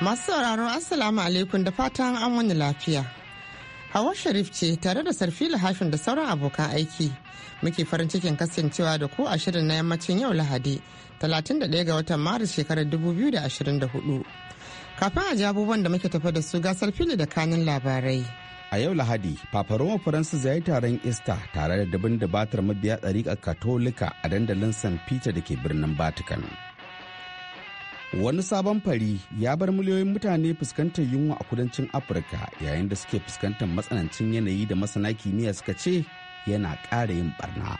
Masu sauraro Assalamu alaikum da fatan an wani lafiya. Hawa Sharif ce tare da Sarfi Lahashin da sauran abokan aiki. Muke farin cikin kasancewa da ku a shirin na yammacin yau Lahadi, 31 ga watan Maris shekarar 2024. Kafin a ji abubuwan da muke tafa da su ga Sarfili da kanin labarai. A yau Lahadi, Papa Roma Faransis ya taron Ista tare da dabin da batar mabiya a Katolika a dandalin St. Peter da ke birnin Vatican. wani sabon fari ya bar miliyoyin mutane fuskantar yunwa a kudancin afirka yayin da suke fuskantar matsanancin yanayi da masana kimiyya suka ce yana ƙara yin barna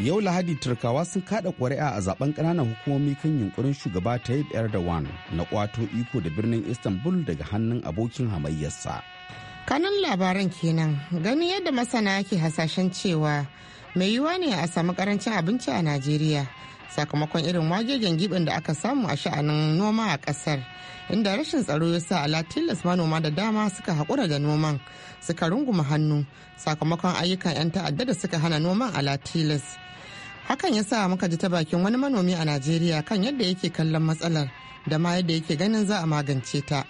yau lahadi turkawa sun kada ƙuri'a a zaben ƙananan hukumomi kan yunkurin shugaba ta tayyip erdogan na kwato iko da birnin istanbul daga hannun abokin hamayyarsa kanan labaran kenan gani yadda masana ke hasashen cewa mai yiwuwa ne a samu karancin abinci a najeriya sakamakon irin wagegen giɓin da aka samu a sha'anin noma a ƙasar inda rashin tsaro ya sa ala tilas manoma da dama suka haƙura da noman suka runguma hannu sakamakon ayyukan 'yan ta'adda da suka hana noman ala tilas hakan ya sa muka ji ta bakin wani manomi a najeriya kan yadda yake kallon matsalar da ma yadda yake ganin za a magance ta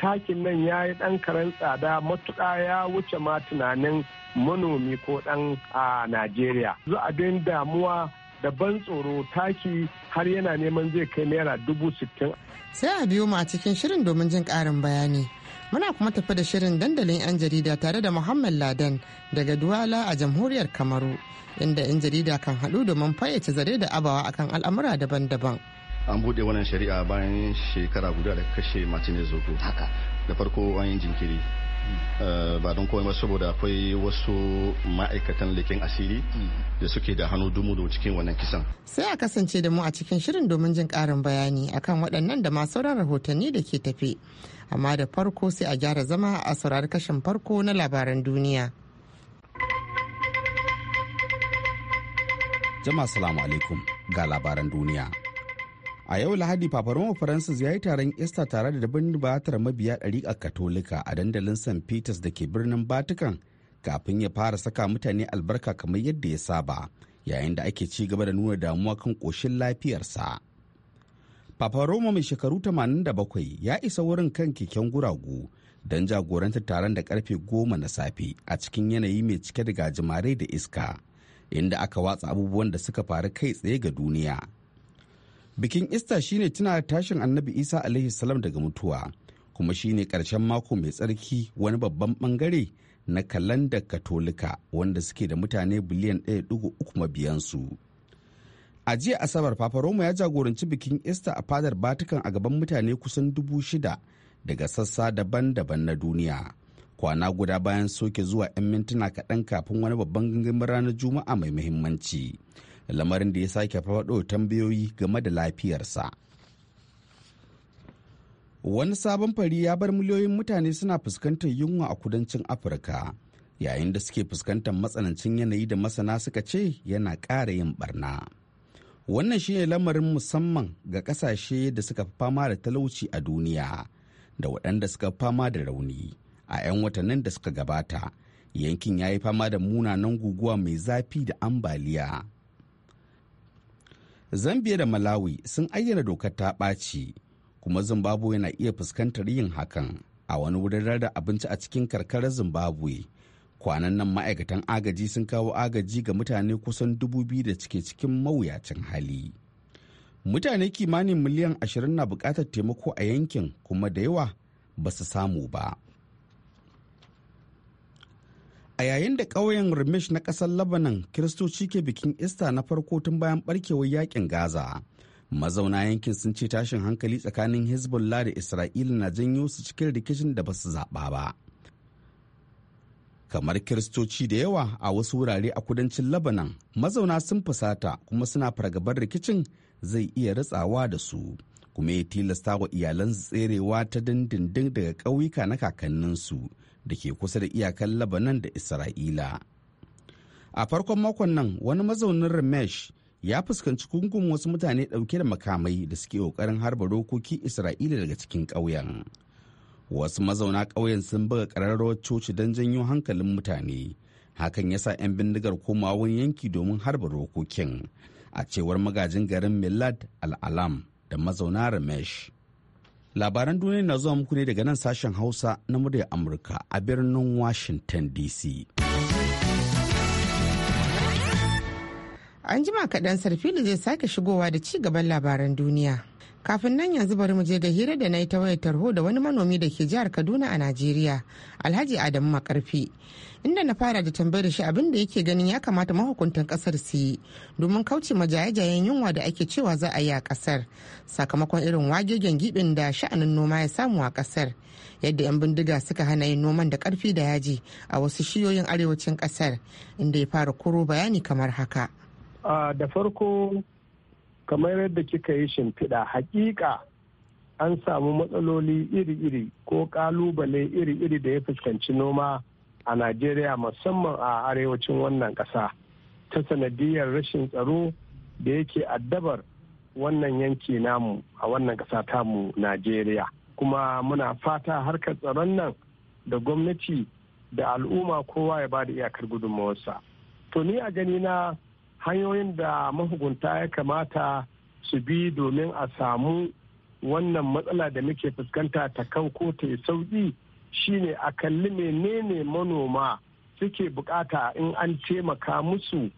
takin nan ya yi ɗan karen tsada matuƙa ya wuce ma tunanin manomi ko ɗan a najeriya zu abin damuwa da ban tsoro taki har yana neman zai kai naira dubu sittin. sai a biyu mu a cikin shirin domin jin karin bayani muna kuma tafi da shirin dandalin 'yan jarida tare da muhammad ladan daga duwala a jamhuriyar kamaru inda 'yan jarida kan haɗu domin fayyace zare da abawa akan al'amura daban-daban an buɗe wannan shari'a bayan shekara guda da kashe martinez zoko haka da farko an yi jinkiri Eh, ba don komai ba saboda akwai wasu ma'aikatan likin asiri da suke da hannu dumu da cikin wannan kisan sai a kasance da mu a cikin shirin domin jin karin bayani akan waɗannan da ma sauran rahotanni da ke tafe amma da farko sai a gyara zama a saurari kashin farko na labaran duniya jama'a salamu alaikum ga labaran duniya a yau lahadi paparoma faransa ya yi taron ista tare da dabin batar mabiya a katolika a dandalin st peters da ke birnin batikan kafin ya fara saka mutane albarka kamar yadda ya saba yayin da ake ci gaba da nuna damuwa kan ƙoshin lafiyarsa paparoma mai shekaru 87 ya isa wurin kan keken guragu don jagorantar taron da karfe goma na safe a cikin yanayi mai cike da gajimare da iska inda aka watsa abubuwan da suka faru kai tsaye ga duniya bikin ista shine tuna tashin annabi isa alaihi salam daga mutuwa kuma shine karshen mako mai tsarki wani babban bangare na kalandar katolika wanda suke da mutane biliyan 1.3 mabiyansu a jiya asabar papa roma ya jagoranci bikin ista a fadar batikan a gaban mutane kusan dubu shida daga sassa daban-daban na duniya kwana guda bayan soke zuwa 'yan mintuna kaɗan kafin wani babban gangamin ranar juma'a mai muhimmanci. lamarin da ya sake faɗo tambayoyi game da lafiyarsa wani sabon fari ya bar miliyoyin mutane suna fuskantar yunwa a kudancin afirka yayin da suke fuskantar matsanancin yanayi da masana suka ce yana ƙara yin barna wannan shine lamarin musamman ga ƙasashe da suka fi fama da talauci a duniya da waɗanda suka fama da rauni a 'yan watannin da suka gabata yankin ya yi fama da munanan guguwa mai zafi da ambaliya zambia da malawi sun ayyana dokar ta ɓaci kuma zimbabwe na iya fuskantar yin hakan a wani wurin da abinci a cikin karkarar zimbabwe kwanan nan ma'aikatan agaji sun kawo agaji ga mutane kusan dubu biyu da cike cikin mawuyacin hali mutane kimanin miliyan ashirin na buƙatar taimako a yankin kuma da yawa ba su samu ba a yayin da ƙauyen remish na ƙasar labanan kiristoci ke bikin ista na farko tun bayan barkewar yakin gaza mazauna yankin sun ce tashin hankali tsakanin hezbollah da isra'ila na janyo su cikin rikicin da ba su zaɓa ba kamar kiristoci da yawa a wasu wurare a kudancin labanan mazauna sun fusata kuma suna fargabar rikicin zai iya ritsawa da su kuma ya tilasta wa iyalansu tserewa ta dindindin daga ƙauyuka na kakanninsu da ke kusa da iyakar Labanan da Isra'ila. A farkon makon nan wani mazaunin Ramesh ya fuskanci kungun wasu mutane dauke da makamai da suke ƙoƙarin harba dokoki Isra'ila daga cikin ƙauyen. Wasu mazauna ƙauyen sun buga ƙararrawar coci don janyo hankalin mutane. Hakan ya sa 'yan bindigar komawa wani yanki domin harba rokokin, a cewar magajin garin millad al'alam da mazauna Ramesh. Labaran duniya na zuwa muku ne daga nan sashen Hausa na muryar Amurka a birnin Washington DC. An jima kaɗan sarfili zai sake shigowa da ci gaban labaran duniya. kafin nan yanzu bari mu je ga hira da na yi ta wayar tarho da wani manomi da ke jihar kaduna a najeriya alhaji adamu makarfi inda na fara da tambayar shi abin da yake ganin ya kamata mahukuntan kasar su yi domin kauce ma jaye-jayen yunwa da ake cewa za a yi a kasar sakamakon irin wagegen gibin da sha'anin noma ya samu a kasar yadda 'yan bindiga suka hana yin noman da karfi da yaji a wasu shiyoyin arewacin kasar inda ya fara koro bayani kamar haka da farko kamar yadda kika yi shimfiɗa hakika an samu matsaloli iri-iri ko ƙalubale iri-iri da ya fuskanci noma a najeriya musamman a arewacin wannan ƙasa ta sanadiyar rashin tsaro da yake addabar wannan yanki namu a wannan ƙasa tamu najeriya kuma muna fata harkar tsaron nan da gwamnati da al'umma kowa ya ba da iyakar gudunmawarsa to ni a gani na hanyoyin da mahukunta ya kamata su bi domin a samu wannan matsala da muke fuskanta ta kan ko ta sauki shine a kalli menene manoma suke bukata in an taimaka musu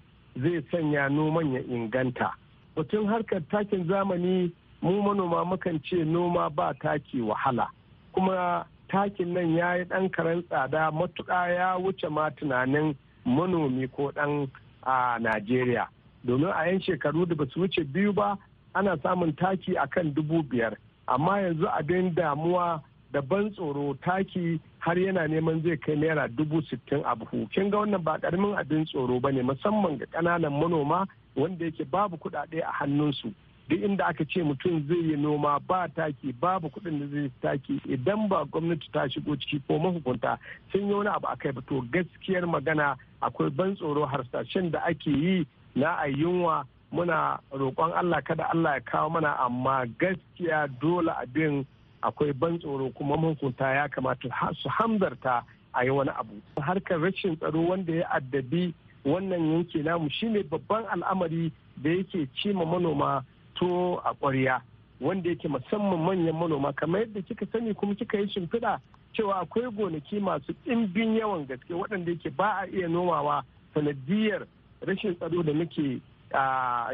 zai sanya noman ya inganta mutum harkar takin zamani mu manoma mukan ce noma ba taki wahala kuma takin nan ya yi ɗan karen tsada matuka ya wuce ma tunanin manomi ko ɗan a Najeriya. Domin a 'yan shekaru da basu wuce biyu ba ana samun taki a kan dubu biyar. Amma yanzu abin damuwa da ban tsoro taki har yana neman zai kai naira dubu sittin a buhu. Kin ga wannan ba karamin abin tsoro ba ne musamman ga ƙananan manoma wanda yake babu kuɗaɗe a hannunsu. duk inda aka ce mutum zai yi noma ba taki babu kuɗin da zai taki idan ba gwamnati ta shigo ciki ko mahukunta sun yi wani abu akai ba to gaskiyar magana akwai ban tsoro harsashen da ake yi na a yunwa muna roƙon Allah kada Allah ya kawo mana amma gaskiya dole a abin akwai ban tsoro kuma mahukunta ya kamata su hamzarta a yi wani abu harkar rashin tsaro wanda ya addabi wannan yanki namu shine babban al'amari da yake cima manoma to a ƙwarya wanda yake musamman manyan manoma kamar yadda kika sani kuma kika yi shimfiɗa cewa akwai gonaki masu ɗimbin yawan gaske waɗanda yake ba a iya nomawa sanadiyar rashin tsaro da muke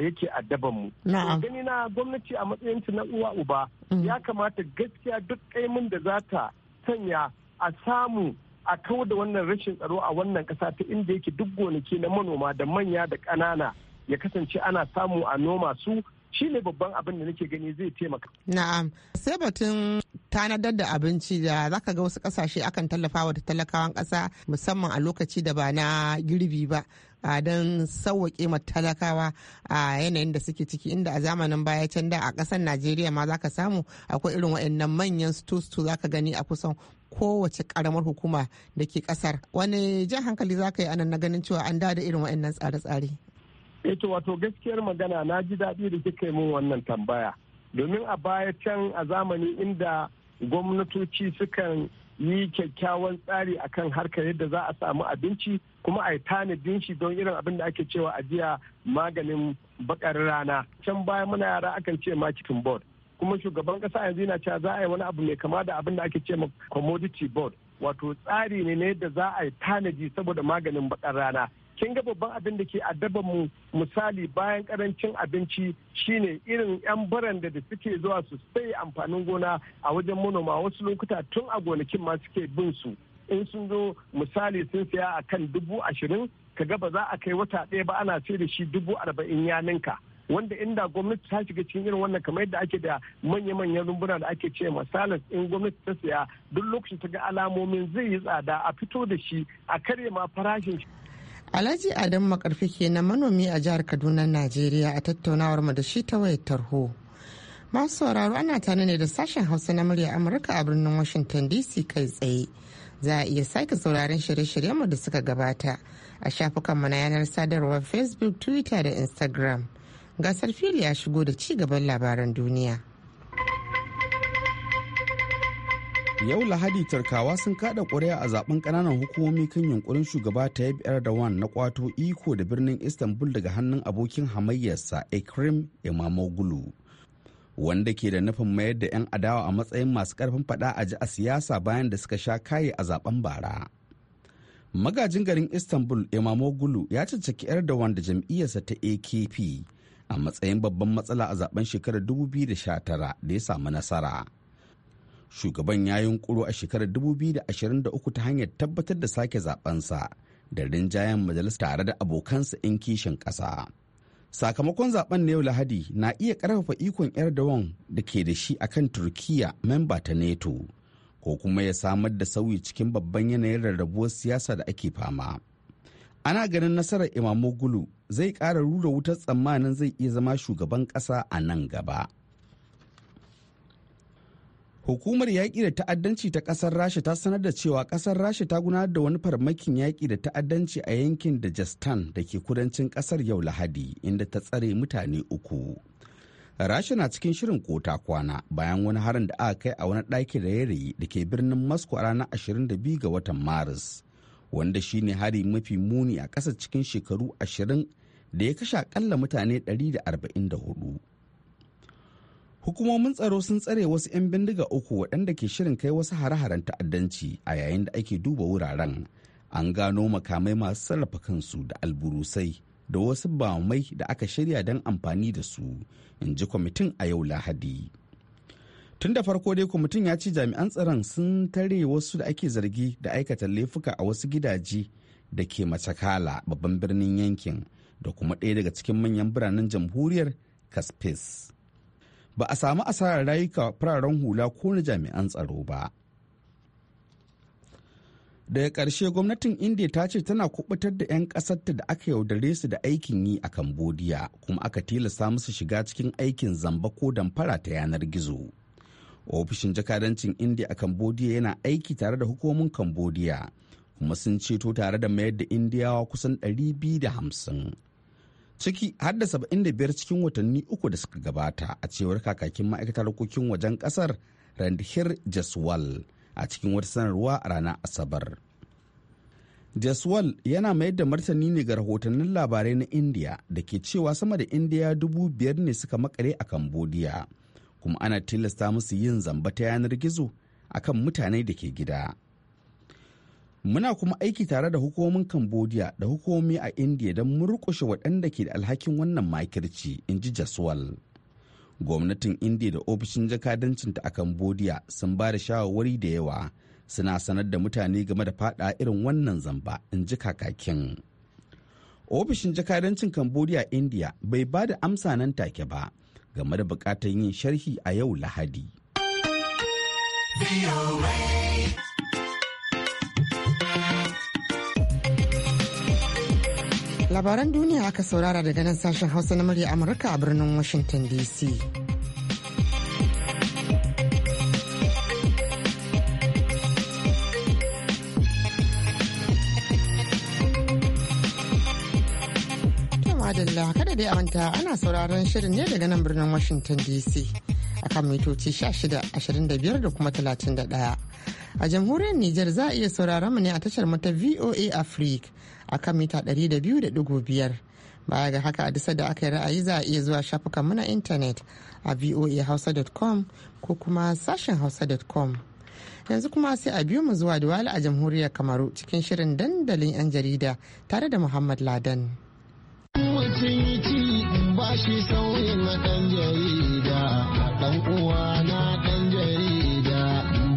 yake addaban mu. Gani na gwamnati a matsayin na uwa uba mm. ya kamata gaskiya duk kaimin da za ta sanya a samu a kawo da wannan rashin tsaro a wannan ƙasa ta inda yake duk gonaki na manoma da manya da ƙanana ya kasance ana samu a noma su shi ne babban abin da nake gani zai taimaka. Na'am, sai batun tanadar da abinci da zaka ga wasu kasashe akan tallafa wa talakawan kasa musamman a lokaci da ba na girbi ba. don sauwaƙe ma talakawa a yanayin da suke ciki inda a zamanin baya can da a ƙasar najeriya ma zaka samu akwai irin waɗannan manyan sto-sto zaka gani a kusan kowace ƙaramar hukuma da ke ƙasar? wani jan hankali zaka ka yi anan na ganin cewa an da irin wa'annan tsare-tsare Eh, to wato gaskiyar magana na ji daɗi da kika yi min wannan tambaya domin a baya can a zamani inda gwamnatoci sukan yi kyakkyawan tsari akan harkar yadda za a samu abinci kuma a yi tanadin shi don irin abin da ake cewa ajiya maganin bakar rana can baya muna yara akan ce marketing board kuma shugaban kasa yanzu yana cewa za a yi wani abu mai kama da abin da ake ce commodity board wato tsari ne na yadda za a yi tanadi saboda maganin bakar rana kin ga babban abin da ke addaban mu misali bayan karancin abinci shine irin yan baran da suke zuwa su sai amfanin gona a wajen manoma wasu lokuta tun a gonakin ma suke bin su in sun zo misali sun saya a kan dubu ashirin ka ga ba za a kai wata ɗaya ba ana sai da shi dubu arba'in ya ninka wanda inda gwamnati ta shiga cikin irin wannan kamar yadda ake da manya-manyan rumbuna da ake ce masalas in gwamnati ta saya duk lokacin ta ga alamomin zai yi tsada a fito da shi a karya ma farashin shi Alhaji Adam Makarfi na manomi a jihar Kaduna, Najeriya a tattaunawar mu da shi ta wayar tarho. Masu sauraro ana tare ne da sashen Hausa na murya Amurka a birnin Washington DC kai tsaye. Za a iya sake sauraron shirye-shiryen mu da suka gabata a shafukan mu na yanar sadarwar Facebook, Twitter da Instagram. Gasar fili ya shigo da ci gaban labaran duniya. yau lahadi tarkawa sun kada ƙuri'a a zaben ƙananan hukumomi kan yunkurin shugaba ta tayyip erdogan na kwato iko da birnin istanbul daga hannun abokin hamayyarsa ekrim imamoglu wanda ke da nufin mayar da 'yan adawa a matsayin masu karfin fada a ji a siyasa bayan da suka sha kaye a zaben bara magajin garin istanbul imamoglu ya cancaki erdogan da jam'iyyarsa ta akp a matsayin babban matsala a zaben shekarar 2019 da ya samu nasara shugaban ya yi a shekarar 2023 ta hanyar tabbatar da sake zabensa da rinjayen majalis tare da abokansa in kishin ƙasa. sakamakon zaben na yau lahadi na iya ƙarfafa ikon erdogan da ke da shi a kan turkiya memba ta neto ko kuma ya samar da sauyi cikin babban yanayin rarrabuwar siyasa da ake fama ana ganin nasarar imamogulu zai ƙara rura wutar tsammanin zai iya zama shugaban ƙasa a nan gaba Hukumar yaƙi da ta'addanci ta ƙasar Rasha ta sanar da cewa ƙasar Rasha ta gudanar da wani farmakin yaƙi da ta'addanci a yankin da Jastan da ke kudancin ƙasar yau Lahadi inda ta tsare mutane uku. Rasha na cikin shirin kota kwana bayan wani harin da aka kai a wani ɗaki da yare da ke birnin Moscow a ranar 22 ga watan Maris, wanda shine hari mafi muni a ƙasa cikin shekaru 20 da ya kashe akalla mutane 144. hukumomin tsaro sun tsare wasu 'yan bindiga uku waɗanda ke shirin kai wasu hare-haren ta'addanci a yayin da ake duba wuraren an gano makamai masu sarrafa kansu da alburusai da wasu bamai da aka shirya don amfani da su in ji kwamitin a yau lahadi tun da farko dai kwamitin ya ce jami'an tsaron sun tare wasu da ake zargi da aikata laifuka a wasu gidaje da ke machakala babban birnin yankin da kuma ɗaya daga cikin manyan biranen jamhuriyar kaspis ba a samu asarar rayuka fararen hula ko na jami'an tsaro ba daga ƙarshe gwamnatin india ta ce tana kubutar da 'yan ƙasarta da aka yaudare su da aikin yi a cambodia kuma aka tilasta musu shiga cikin aikin zamba ko damfara ta yanar gizo ofishin jakadancin india a cambodia yana aiki tare da hukumomin cambodia kuma sun ceto tare da mayar da indiyawa kusan 250 ciki har da 75 cikin watanni uku da suka gabata a cewar kakakin ma'aikatar harkokin wajen kasar randhir jaswal a cikin wata sanarwa a ranar asabar jaswal yana mayar da martani ne ga rahotannin labarai na india da ke cewa sama da indiya dubu biyar ne suka makare a cambodia kuma ana tilasta musu yin zamba ta yanar gizo akan mutane da ke gida muna kuma aiki tare da hukumomin cambodia da hukumomi a india don murkushe waɗanda ke da alhakin wannan makirci in ji jaswal gwamnatin india da ofishin jakadancinta a cambodia sun ba da shawarwari da yawa suna sanar da mutane game da fada irin wannan zamba in ji kakakin ofishin jakadancin cambodia india bai ba da amsa nan take ba game da bukatar yin sharhi a yau lahadi labaran duniya aka saurara daga nan sashen hausa na murya amurka a birnin washington dc kada dai a manta ana sauraron shirin ne daga nan birnin washington dc akan mitoci 1625 da kuma 31. A jamhuriyar Nijar za a iya sauraron mu ne a tashar mata VOA Africa akan mita 200.5. Baya ga haka a disa da aka yi ra'ayi za a iya zuwa shafukan mu na intanet a voahausa.com ko kuma sashen hausa.com. Yanzu kuma sai a biyu mu zuwa Duwala a jamhuriyar Kamaru cikin shirin dandalin 'yan jarida tare da Muhammad Ladan. yi ci ba shi sauyin na ɗan jarida. uwa na jarida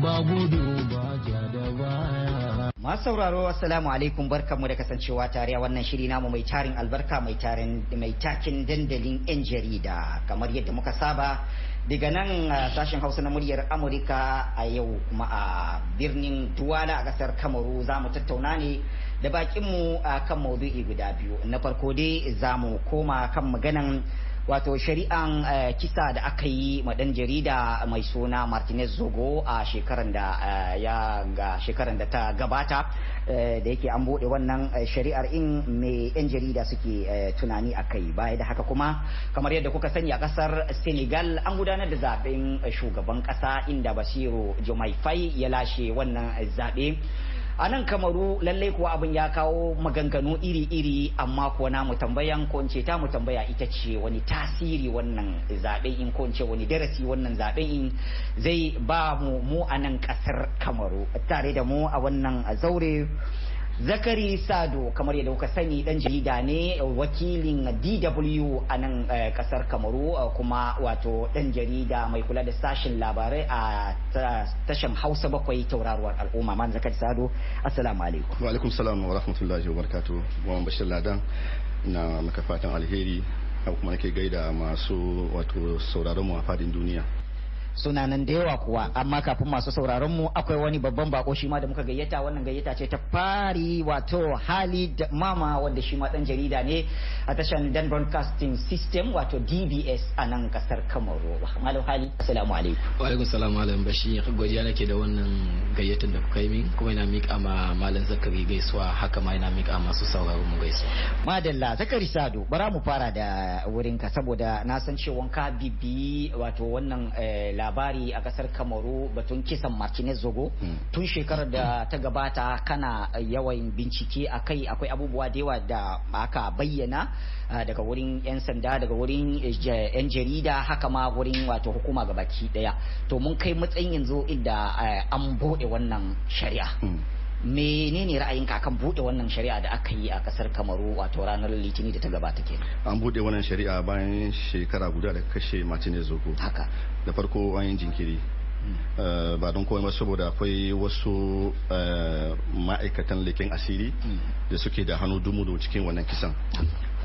ba gudu da masu sauraro assalamu alaikum mu da kasancewa tare a wannan shiri namu mai tarin albarka mai tarin mai takin dandalin yan jarida kamar yadda muka saba daga nan sashen hausa na muryar amurka a yau kuma a birnin duwala a kasar kamaru za mu tattauna ne da bakinmu a kan maudu'i guda biyu na farko dai za mu koma kan maganan wato shari'an eh, kisa da aka yi ma dan jarida mai suna martinez zogo a shekaran da eh, ya ga shekaran da ta gabata eh, da yake an bude wannan shari'ar in mai yan jarida suke tunani a kai baya da haka kuma kamar yadda kuka sani a kasar senegal an gudanar da zaben shugaban kasa inda basiru jumaifai ya lashe wannan zaɓe a nan kamaru lallai kuwa abin ya kawo maganganu iri-iri amma kuwa namu tambayan ko ce ta mu tambaya ita ce wani tasiri wannan zaɓen in ko ce wani darasi wannan zaɓen in zai ba mu mu a nan ƙasar kamaru tare da mu a wannan zaure zakari sado kamar yadda kuka sani dan jarida ne wakilin dw a nan eh, kasar kamaru eh, kuma wato dan jarida mai kula da sashen labarai a tashan hausa bakwai tauraruwar al'umma man zakari sado assalamu alaikum wa alaikum salam wa rahmatullahi wa barakatuh wa bashir ladan na maka fatan alheri kuma nake gaida masu wato sauraron mu a fadin duniya sunanan nan da yawa kuwa amma kafin masu sauraron mu akwai wani babban bako shi ma da muka gayyata wannan gayyata ce ta fari wato hali da mama wanda shi ma dan jarida ne a tashan dan broadcasting system wato dbs a nan kasar kamaru malam hali assalamu alaikum wa alaikum salam malam Bashi. godiya nake da wannan gayyatar da kuka yi min kuma ina mika ma malam zakari gaisuwa haka ma ina mika masu sauraron mu gaisuwa madalla zakari sado bara mu fara da wurinka saboda na san cewa ka bibi wato wannan eh, labari a kasar kamaru batun kisan martinez zogo hmm. tun shekarar da ta gabata kana yawan bincike a kai akwai abubuwa da yawa da aka bayyana daga wurin 'yan sanda daga wurin 'yan eh, jarida haka ma wurin wato hukuma gabaki daya to mun kai matsayin yanzu inda eh, an bude wannan shari'a hmm. menene ra'ayinka akan bude wannan shari'a da aka yi a kasar kamaru wato ranar litini da ta gabata ke? an bude wannan shari'a bayan shekara guda da kashe martinez zoko haka da farko an yi jinkiri hmm. eh, ba don komai ba saboda akwai wasu eh, ma'aikatan leken asiri hmm. da suke da hannu dumu da cikin wannan kisan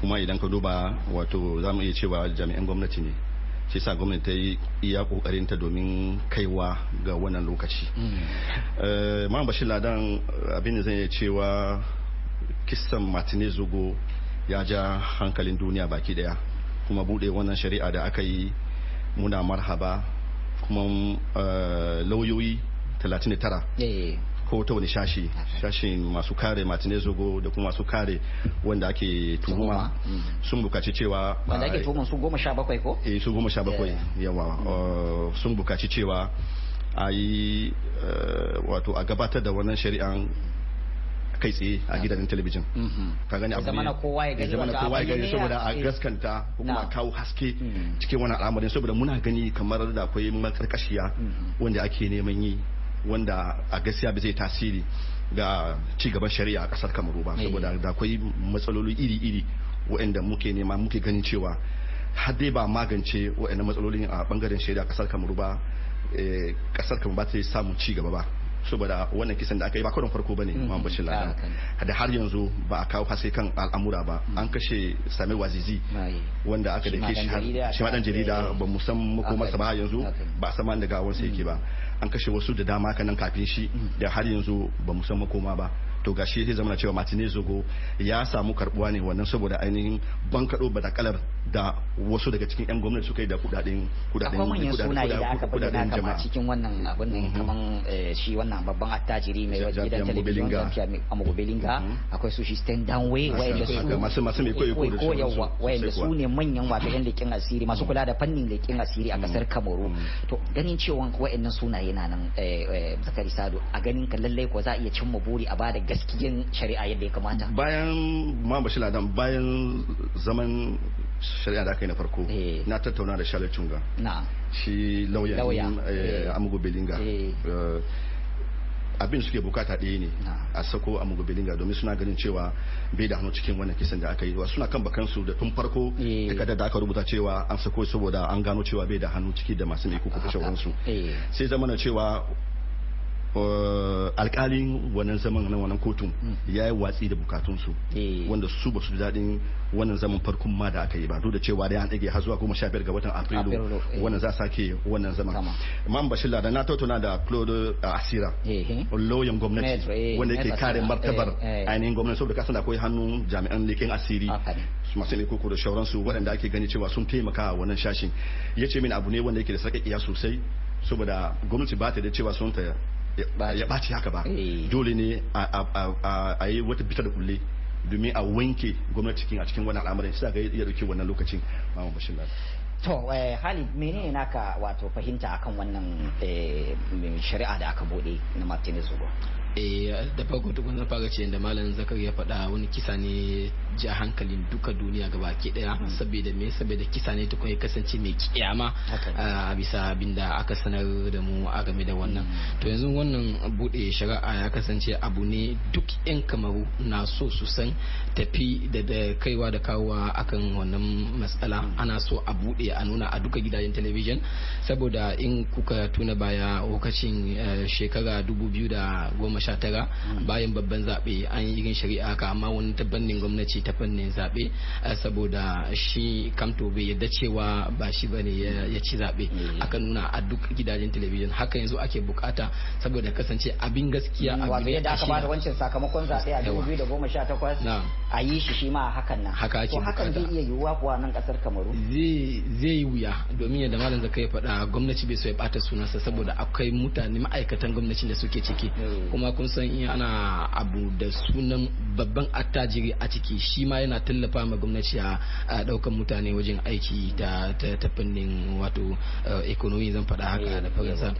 kuma idan ka duba wato za mu iya cewa jami'an gwamnati ne shi sa gwamnati ta yi iya kokarin ta domin kaiwa ga wannan lokaci mm. eh, man bashir ladan abin da zan iya cewa kisan martinez zogo ya ja hankalin duniya baki daya kuma bude wannan shari'a da aka yi muna marhaba kuma eh, lauyoyi 39 ko ta wani shashi shashi masu kare martinez zogo da kuma masu kare wanda ake tuhuma mm. sun bukaci cewa wanda ake tuhuma su goma sha bakwai ko eh su goma sha bakwai yawa mm. uh, sun bukaci cewa a yi uh, wato a gabatar da wannan shari'an kai tsaye a gidajen talabijin mm-hmm. ka gani abu ne zamana kowa ya gani saboda a gaskanta kuma a kawo haske mm. cikin wani al'amarin saboda muna gani kamar da akwai makarkashiya mm-hmm. wanda ake neman yi wanda a gaskiya ba zai tasiri ga ci gaban shari'a a kasar kamaru ba eh. saboda da akwai matsaloli iri-iri wa'anda muke nema muke ganin cewa har dai ba magance waɗannan matsaloli a bangaren shari'a a kasar kamaru ba kasar eh, kamaru ba ta samu gaba ba saboda wannan kisan da aka yi ba kawai farko bane mm-hmm. ma Bashir Ladan da har yanzu ba a kawo fasai kan al'amura ba mm-hmm. an kashe Sami Wazizi ah, eh. wanda aka dake shi shi madan jarida ba musamman san makomarsa ba yanzu ba a da gawon da yake ba mm-hmm. an kashe wasu da dama kanan kafin shi mm. da har yanzu ba mu san makoma ba to gashi zai zama cewa martinez zogo ya samu karbuwa ne wannan saboda ainihin bankaɗo ba da wasu daga cikin 'yan gwamnati suka yi da kudaden kudaden akwai kudaden sunaye da aka bayyana kama cikin wannan abin nan mm-hmm. kaman eh, shi wannan babban attajiri mai gidan talabijin Amogo Belinga mm-hmm. akwai su shi Sten Danwe wayanda su masu masu mai koyo ko yawa wayanda su ne manyan wato yan lekin asiri masu kula da fannin lekin asiri a kasar mm-hmm. Kamaru to ganin cewa wayannan sunaye na nan eh, eh, Zakari Sado a ganin ka lallai ko za a iya cimma buri a bada cikin shari'a yadda ya kamata bayan ma bashi ladan bayan zaman shari'a da aka yi na farko eh. na tattauna da Charlotte Chunga shi lauya eh, eh. Amugo Belinga abin suke bukata ɗaya ne a sako a belinga domin suna ganin cewa bai da hannu cikin wannan kisan da aka yi wa suna kan bakansu da tun farko takardar da aka rubuta cewa an sako saboda an gano cewa bai da hannu ciki da masu mai kuka kashe wansu sai zama na cewa Eh, alkalin wannan zaman nan wannan kotun hmm. ya yi watsi da bukatunsu eh. wanda su ba su daɗin wannan zaman farkon ma da aka yi ba duk da cewa dai an ɗage har zuwa goma sha biyar ga watan afrilu eh. wannan za a sake wannan zaman man bashir da na tattauna da claude asira lauyan gwamnati wanda yake kare martabar ainihin gwamnati saboda kasan da akwai hannun jami'an leƙen asiri masu ne koko da shauransu waɗanda ake gani cewa sun taimaka wannan shashin ya ce min abu ne wanda yake da sarƙaƙiya sosai saboda gwamnati ba ta da cewa sun ta ya ɓaci haka ba eh. dole ne a yi wata bita da kulle domin a wanke gwamnati a cikin wani al'amarin sai ga ya dauke wannan lokacin mamu bashir to eh, halid menene naka wato fahimta akan wannan eh, shari'a da aka bude na martinez zuwa Eh, da farko tukun zan fara ce da malam zakar ya faɗa wani kisa ne ji a hankalin duka duniya gaba ke daya hmm. saboda me saboda kisa ne tukun ya kasance mai kiyama a bisa abin da aka sanar da mu a game da wannan hmm. to yanzu wannan bude shari'a ya kasance abu ne duk yan kamaru na so su san tafi da da kaiwa da kawowa akan wannan matsala hmm. ana so a bude a nuna a duka gidajen talabijin saboda in kuka tuna baya lokacin eh, shekara dubu biyu da goma sha mm. bayan babban zaɓe an yi irin shari'a haka amma wani ta fannin gwamnati ta fannin zaɓe saboda shi kamto bai yadda cewa ba shi bane ya ci zaɓe mm. aka nuna a duk gidajen talabijin haka yanzu ake bukata saboda kasance abin gaskiya A mm, abin da aka bada wancan sakamakon zaɓe a 2018 a yi shi shi ma hakan nan haka ake hakan zai iya yiwuwa kuwa nan kasar kamaru zai yi wuya domin yadda malam zaka ya faɗa gwamnati bai so ya ɓata sunansa saboda akwai mutane ma'aikatan gwamnatin da suke ciki kuma kun san in ana abu da sunan babban attajiri a ciki shi ma yana tallafa ma gwamnati a daukan mutane wajen aiki ta ta wato ekonomi eh, zan faɗa haka eh, da faransa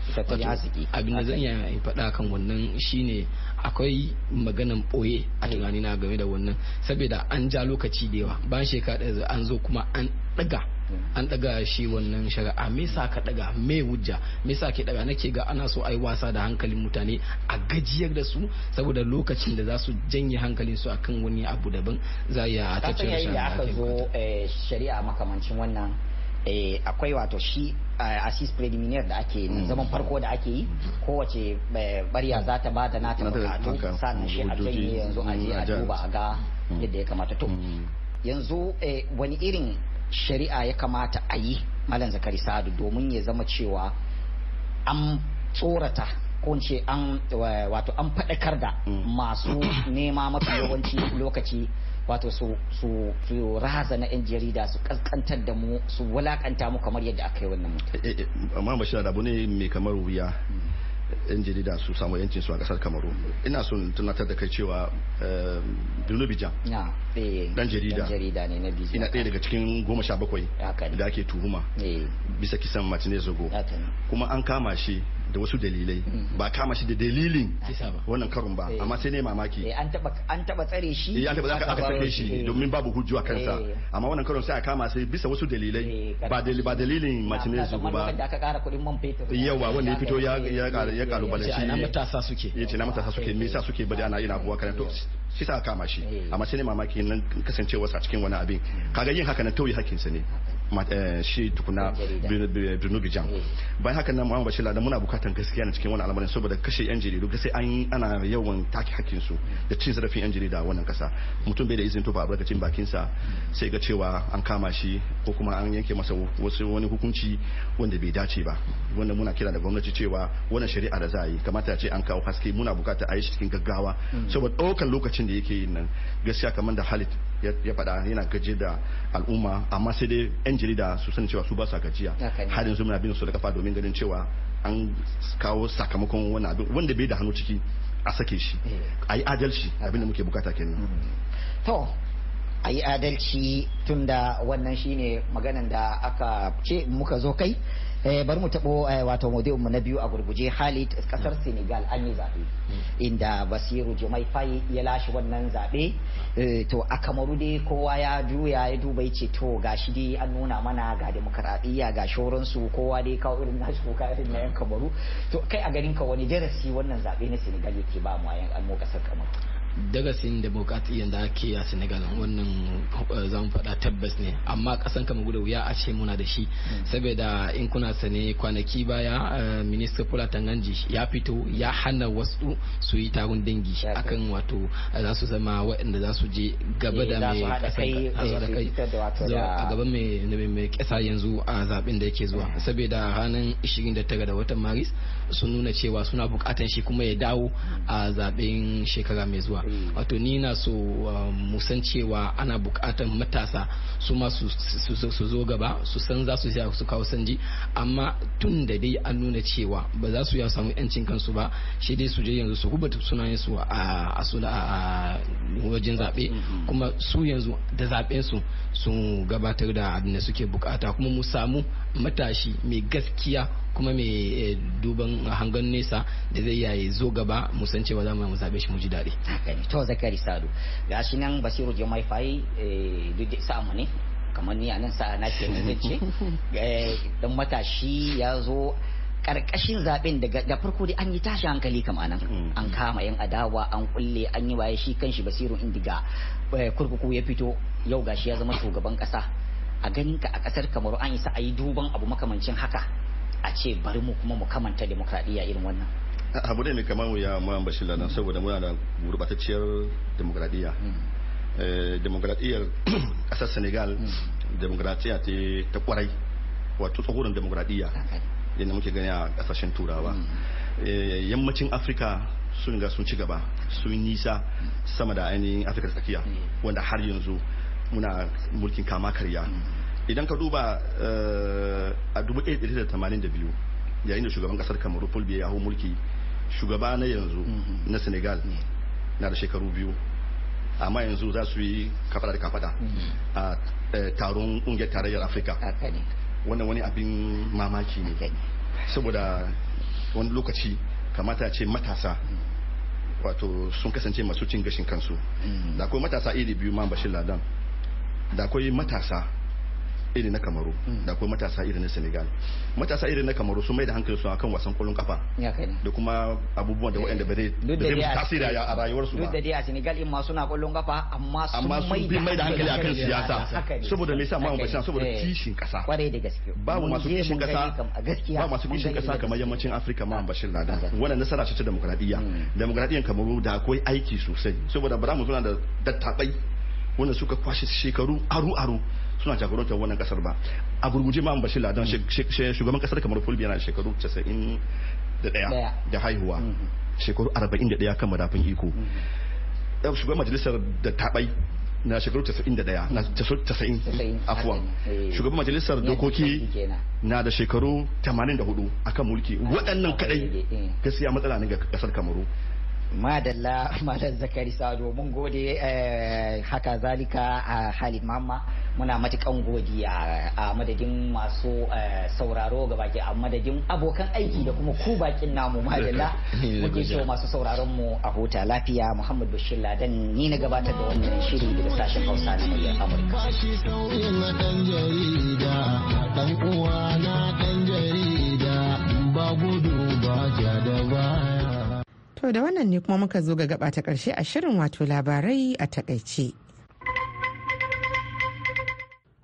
abin da zan iya faɗa kan wannan shine akwai maganan ɓoye a eh. tunanina game da wannan saboda an ja lokaci da yawa ban shekara an zo kuma an ɗaga an daga shi wannan shari'a me sa ka daga me wujja me sa ke daga nake ga ana so ai wasa da hankalin mutane a gajiyar da su saboda lokacin da za su janye hankalin su akan wani abu daban za ya ta ce aka zo eh, shari'a makamancin wannan eh, akwai wato shi eh, asis preliminary da ake yi mm. zaman farko da ake yi kowace barya za ta bada nata bukatu sannan shi a janye yanzu a je a duba a ga mm. yadda ya kamata to mm. yanzu wani irin shari'a ya kamata a yi malam zakari sadu domin ya zama cewa an tsorata ko ce an wato an faɗakar da mm. masu nema mafi yawanci lokaci wato su su su raza na 'yan jarida su kaskantar da mu su wulakanta mu kamar yadda aka yi wannan mutum. amma mashi da abu ne mai kamar wuya mm. yan jarida su samu yancin su a kasar kamaru ina son tunatar da kai cewa eh, bilo bijan dan eh, jarida ina ɗaya daga cikin goma sha bakwai da ake tuhuma eh. bisa kisan martinez zogo kuma an kama shi da wasu dalilai hmm. ba kama shi da dalilin wannan karun ba eh. amma sai ne mamaki eh, an taba tsare shi eh, an taba aka sake shi domin babu hujju a kansa amma wannan karun sai a kama sai bisa wasu dalilai ba ba dalilin martinez zugu ba da aka kara kudin man fetur yawa wanda ya fito ya ya kalubale shi na matasa suke yace na matasa suke me yasa suke bari ana na abuwa kana to shi sa kama shi amma sai ne mamaki nan kasancewa sa cikin wani abin kaga yin haka na tauye hakkinsa ne Eh, shi tukuna birnin bijan hmm. bayan haka nan muhammad bashir da muna bukatan gaskiya na cikin wani al'amarin saboda kashe yan jaridu sai an ana yawan take hakkin da cin zarafin yan jarida a wannan kasa mutum bai da izinin tofa albarkacin bakin sa sai ga cewa an kama shi ko kuma an yanke masa wasu wani hukunci wanda bai dace ba wanda muna kira da gwamnati cewa wannan shari'a da za a yi kamata ce an kawo haske muna bukata a yi shi cikin gaggawa hmm. saboda ɗaukar lokacin da yake yin nan gaskiya kamar da halit ya faɗa yana gaji da al'umma amma sai dai yan jarida su sani cewa su ba gajiya har yanzu muna bin su da kafa domin ganin cewa an kawo sakamakon wani abin wanda bai da hannu ciki a sake shi eh. a yi adalci abin da muke bukata kenan mm. to a yi adalci tunda wannan shine maganan da aka ce muka zo kai Eh, bari mu taɓo eh, wato maudu'in mu na biyu a gurguje hali kasar Senegal an yi zaɓe inda Basiru Jumai fai ya lashe wannan zaɓe eh, to a Kamaru dai kowa ya juya ya duba ya ce to gashi dai an nuna mana ga demokradiyya ga shoransu kowa dai kawo irin nashi kuka irin na yan Kamaru to kai a garin ka wani darasi wannan zaɓe na Senegal yake ba mu a yan kasar Kamaru darasin da bukatiyan da ake a senegal mm. wannan eh, zan fada faɗa tabbas ne amma ƙasan kama gudu ya a ce muna da shi mm. saboda in kuna sane kwanaki baya eh, minista kula tanganji ya fito ya hana wasu su yi taron dangi akan wato eh, za su zama waɗanda za su je gaba da mai a gaban mai ƙasa yanzu a zaben da yake zuwa mm. saboda ranar 29 da watan maris sun nuna cewa suna bukatan shi kuma ya dawo a zaɓen shekara mai zuwa Mm. wato ni na so um, musan cewa ana bukatar matasa su ma su zo gaba su san za su su kawo sanji amma tun da dai an nuna cewa ba za su ya samu yancin kansu ba shi dai su je yanzu su rubuta sunayen su a a wajen zaɓe mm, mm, kuma su yanzu da zaɓen su sun gabatar da abin da suke bukata kuma mu samu matashi mai gaskiya kuma mai eh, duban hangon nesa da zai yayi zo gaba musance cewa za shi mu ji daɗi to zakari sadu Ga shi nan basiru jomai fayi eh, duk da samu ne kamar ni a nan sa'a na ke nan ce eh, dan matashi ya zo karkashin zaben da farko dai an yi tashi hankali kama nan mm. an kama yan adawa an kulle an yi waye shi kan shi basiru indiga kurkuku ya fito yau gashi ya zama shugaban kasa a ganin ka a kasar kamaru an isa a yi duban abu makamancin haka a ce bari mu kuma mu kamanta demokradiyya irin wannan abu ne mai kamar mu ma bashir ladan saboda muna da gurbatacciyar demokradiyya mm. eh, demokradiyyar kasar senegal mm. demokradiyya ta kwarai wato tsohon demokradiyya yadda muke gani a kasashen turawa mm. eh, yammacin afirka sun ga sun ci gaba sun nisa sama da ainihin afirka tsakiya wanda har yanzu muna mulkin kama karya idan ka duba eh, a 1982 yayin da shugaban kasar kamaru paul ya hau mulki shugaba na yanzu mm-hmm. na senegal mm-hmm. na da shekaru biyu amma yanzu za su yi kafada da kafada mm-hmm. a eh, taron kungiyar tarayyar afirka wannan wani abin mamaki ne saboda wani lokaci kamata ce matasa wato sun kasance masu cin gashin kansu da akwai matasa iri biyu ma bashin ladan da akwai matasa iri na kamaru hmm. da kuma matasa iri na senegal matasa iri na kamaru sun mai da hankali su akan wasan kwallon kafa da kuma abubuwan da waɗanda ba zai eh, tasiri a rayuwar su ba da dai a senegal in ma suna kwallon kafa amma sun mai da hankali akan siyasa saboda me yasa ma ba saboda eh, kishin kasa kwarai da gaske ba mu masu kishin kasa ba masu kishin kasa kamar yammacin afrika ma bashir ladan wannan nasara ce ta demokradiyya hmm. demokradiyyan kamaru da akwai aiki sosai saboda bara mu suna da dattabai wanda suka kwashe shekaru aru-aru suna jagorantar wannan kasar ba a gurguje ma bashi ladan shugaban kasar kamar fulbiya na shekaru 91 da haihuwa mm-hmm. shekaru 41 kan madafin iko mm-hmm. shugaban majalisar da tabai na shekaru 91 na 90 afuwan eh. shugaban majalisar dokoki na da shekaru 84 akan mulki ah, waɗannan kadai eh. gaskiya matsala ne ga kasar kamaru madalla malam zakari sado mun gode eh, haka zalika a halin mamma muna matukan godiya a madadin masu eh, sauraro ga baki a madadin abokan aiki da kuma ku bakin namu madalla muke so masu sauraron mu a huta lafiya muhammad bashir ladan ni na gabatar da wannan shiri daga sashen hausa na muryar amurka dan uwa To da wannan ne kuma muka zo ga gaba ta karshe a shirin wato labarai a takaice.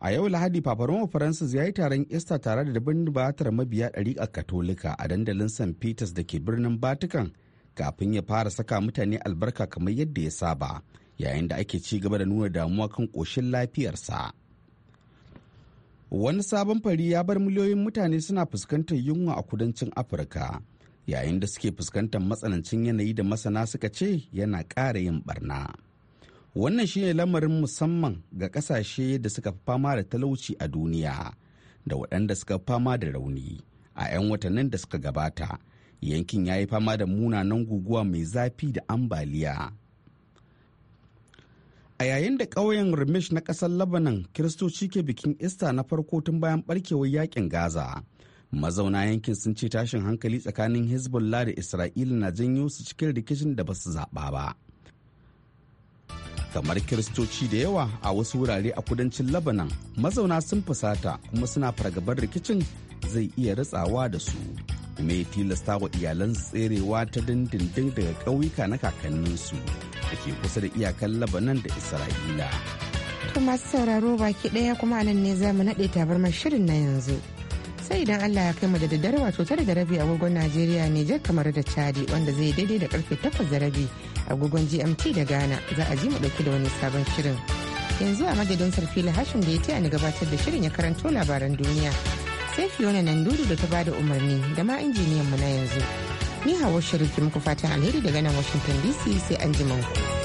A yau Lahadi fafaroma faransa ya yi taron easter tare da dabin batar mabiya a Katolika a dandalin St. Peters da ke birnin Batikan kafin ya fara saka mutane albarka kamar yadda ya saba yayin da ake ci gaba da nuna damuwa kan ƙoshin lafiyarsa. Wani sabon fari ya bar miliyoyin mutane suna fuskantar yunwa a kudancin Afirka yayin da suke fuskantar matsanancin yanayi da masana suka ce yana ƙara yin barna wannan shi ne lamarin musamman ga ƙasashe da suka fi fama da talauci a duniya da waɗanda suka fi fama da rauni a 'yan watannin da suka gabata yankin ya yi fama da munanan guguwa mai zafi da ambaliya a yayin da ƙauyen remish na ƙasar labanan kiristoci ke bikin ista na farko tun bayan ɓarkewar yakin gaza mazauna yankin sun ce tashin hankali tsakanin hezbollah da isra'ila na janyo su cikin rikicin da ba su zaɓa ba kamar kiristoci da yawa a wasu wurare a kudancin labanan mazauna sun fusata kuma suna fargabar rikicin zai iya ratsawa da su kuma tilasta wa iyalan tserewa ta dindindin daga ƙauyuka na kakanninsu da ke kusa da iyakan labanan da isra'ila to masu sauraro baki ɗaya kuma nan ne zamu naɗe tabarmar shirin na yanzu sai idan Allah ya kai mu da daddare wato tare da rabi agogon Najeriya Nijar kamar da Chadi wanda zai daidai da karfe takwas da rabi agogon GMT da Ghana za a ji mu dauki da wani sabon shirin. Yanzu a madadin Sarfila Hashim da ya taya ni gabatar da shirin ya karanto labaran duniya. Sai Fiona dudu da ta ba da umarni da ma injiniyan mu na yanzu. Ni Hawa Sharif muku fatan alheri daga nan Washington DC sai an ku.